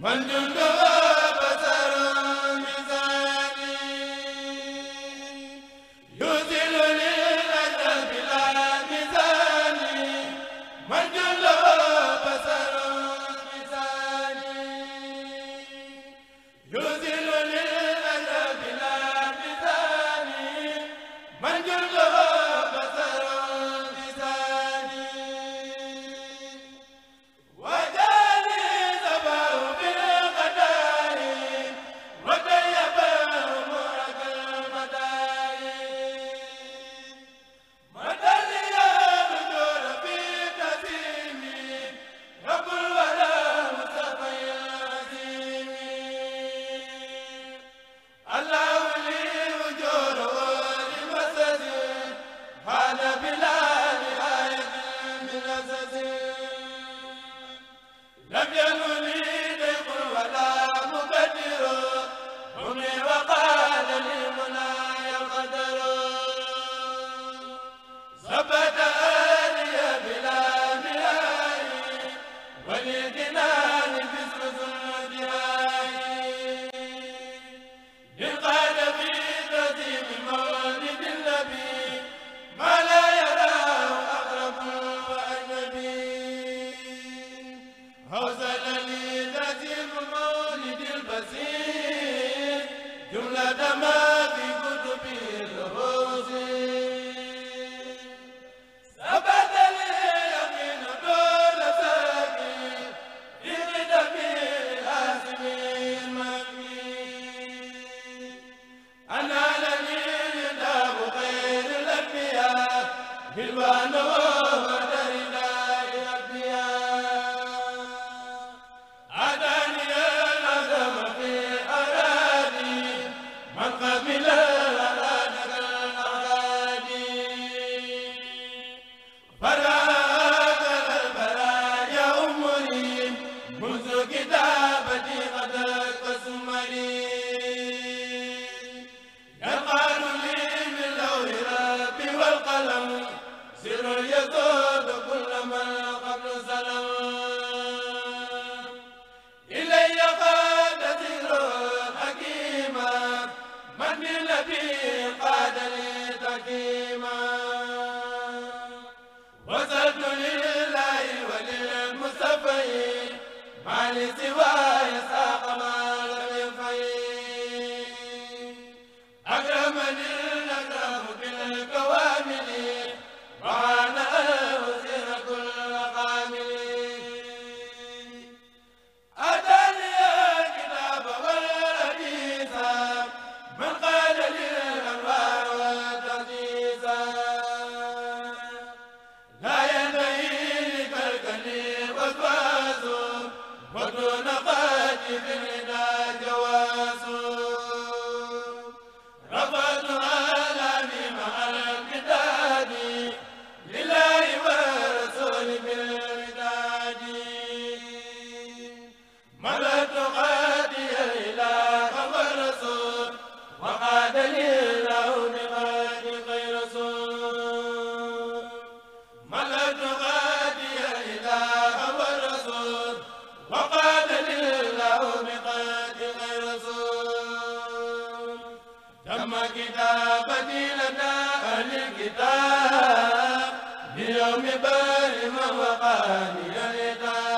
من Bilbao bara سواه Rafa الكتاب بيوم بارم وقاني الإتاب